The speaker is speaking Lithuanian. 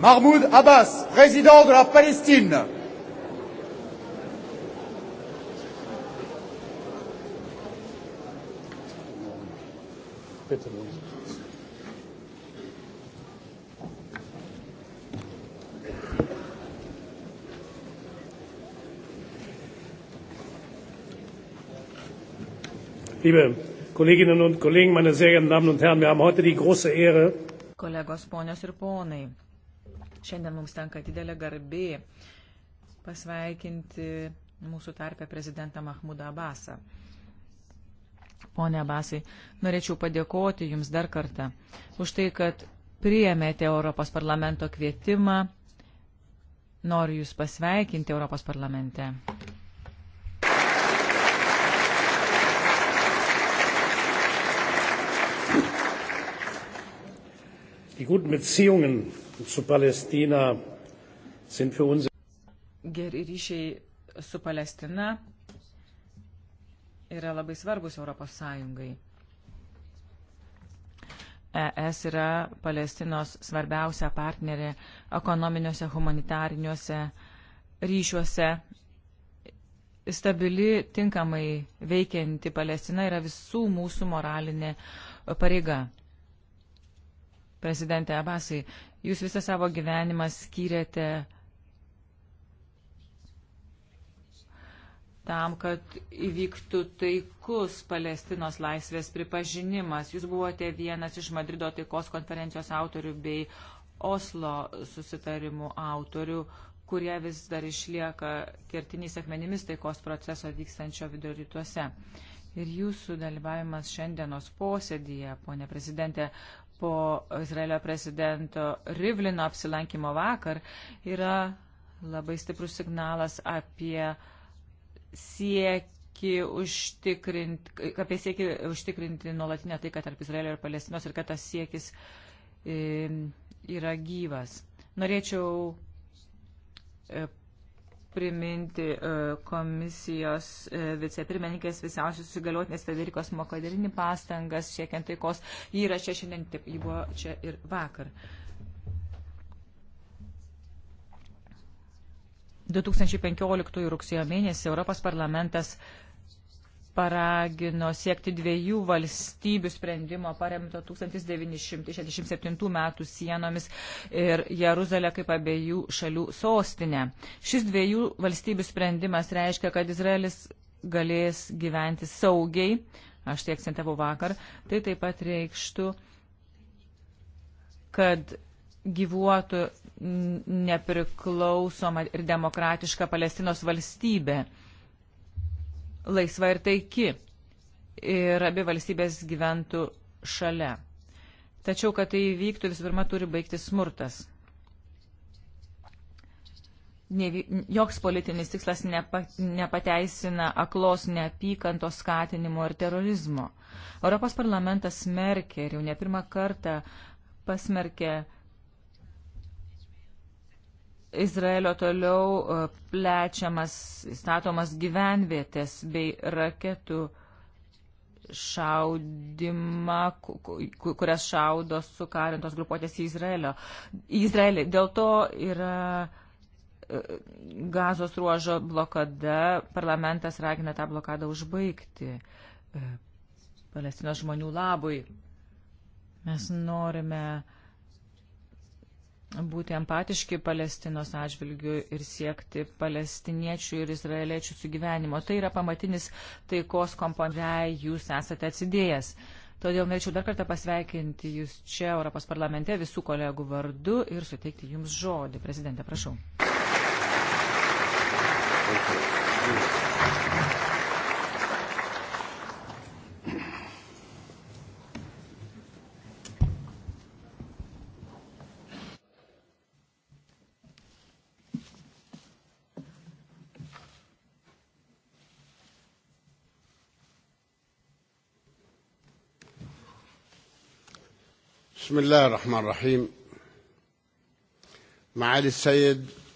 Mahmoud Abbas, président de la Palestine. Bitte, Liebe Kolleginnen und Kollegen, meine sehr geehrten Damen und Herren, wir haben heute die große Ehre, Kollegos, ponios ir ponai, Šiandien mums tenka didelė garbė pasveikinti mūsų tarpę prezidentą Mahmudą Abasą. Pone Abasai, norėčiau padėkoti Jums dar kartą už tai, kad priėmėte Europos parlamento kvietimą. Noriu Jūs pasveikinti Europos parlamente. Die guten Beziehungen zu Palästina sind für uns. Geri ryšiai su Palestina yra labai svarbus Europos Sąjungai. ES yra Palestinos svarbiausia partnerė ekonominiuose, humanitariniuose ryšiuose. Stabili, tinkamai veikianti Palestina yra visų mūsų moralinė pareiga prezidente Abasai, jūs visą savo gyvenimą skyrėte tam, kad įvyktų taikus Palestinos laisvės pripažinimas. Jūs buvote vienas iš Madrido taikos konferencijos autorių bei Oslo susitarimų autorių, kurie vis dar išlieka kertiniais akmenimis taikos proceso vykstančio vidurio rytuose. Ir jūsų dalyvavimas šiandienos posėdėje, ponė prezidentė, po Izraelio prezidento Rivlino apsilankimo vakar yra labai stiprus signalas apie siekį užtikrinti, apie siekį užtikrinti nuolatinę taiką tarp Izraelio ir Palestinos ir kad tas siekis yra gyvas. Norėčiau e, priminti e, komisijos e, vicepirmeninkės visiausios įgaliotinės Federikos Mokadirinį pastangas siekiant taikos. Ji yra čia šiandien, taip, ji buvo čia ir vakar. 2015 rugsėjo mėnesį Europos parlamentas uh, paragino siekti dviejų valstybių sprendimo paremto 1967 metų sienomis ir Jeruzalę kaip abiejų šalių sostinę. Šis dviejų valstybių sprendimas reiškia, kad Izraelis galės gyventi saugiai, aš tai akcentavau vakar, tai taip pat reikštų, kad gyvuotų nepriklausoma ir demokratiška Palestinos valstybė laisva ir taiki ir abi valstybės gyventų šalia. Tačiau, kad tai įvyktų, visų pirma, turi baigti smurtas. Ne, joks politinis tikslas nepa, nepateisina aklos neapykantos skatinimo ir terorizmo. Europos parlamentas smerkė ir jau ne pirmą kartą pasmerkė Izraelio toliau e, plečiamas, statomas gyvenvietės bei raketų šaudimą, kurias šaudo sukarintos grupuotės į Izraelio. Į Izraelį. Dėl to yra e, gazos ruožo blokada, parlamentas ragina tą blokadą užbaigti e, Palestinos žmonių labui. Mes norime uh, būti empatiški Palestinos atžvilgių ir siekti palestiniečių ir izraeliečių sugyvenimo. Tai yra pamatinis taikos komponentai, jūs esate atsidėjęs. Todėl norėčiau dar kartą pasveikinti Jūs čia Europos parlamente visų kolegų vardu ir suteikti Jums žodį. Prezidentė, prašau. Thank you. بسم الله الرحمن الرحيم معالي السيد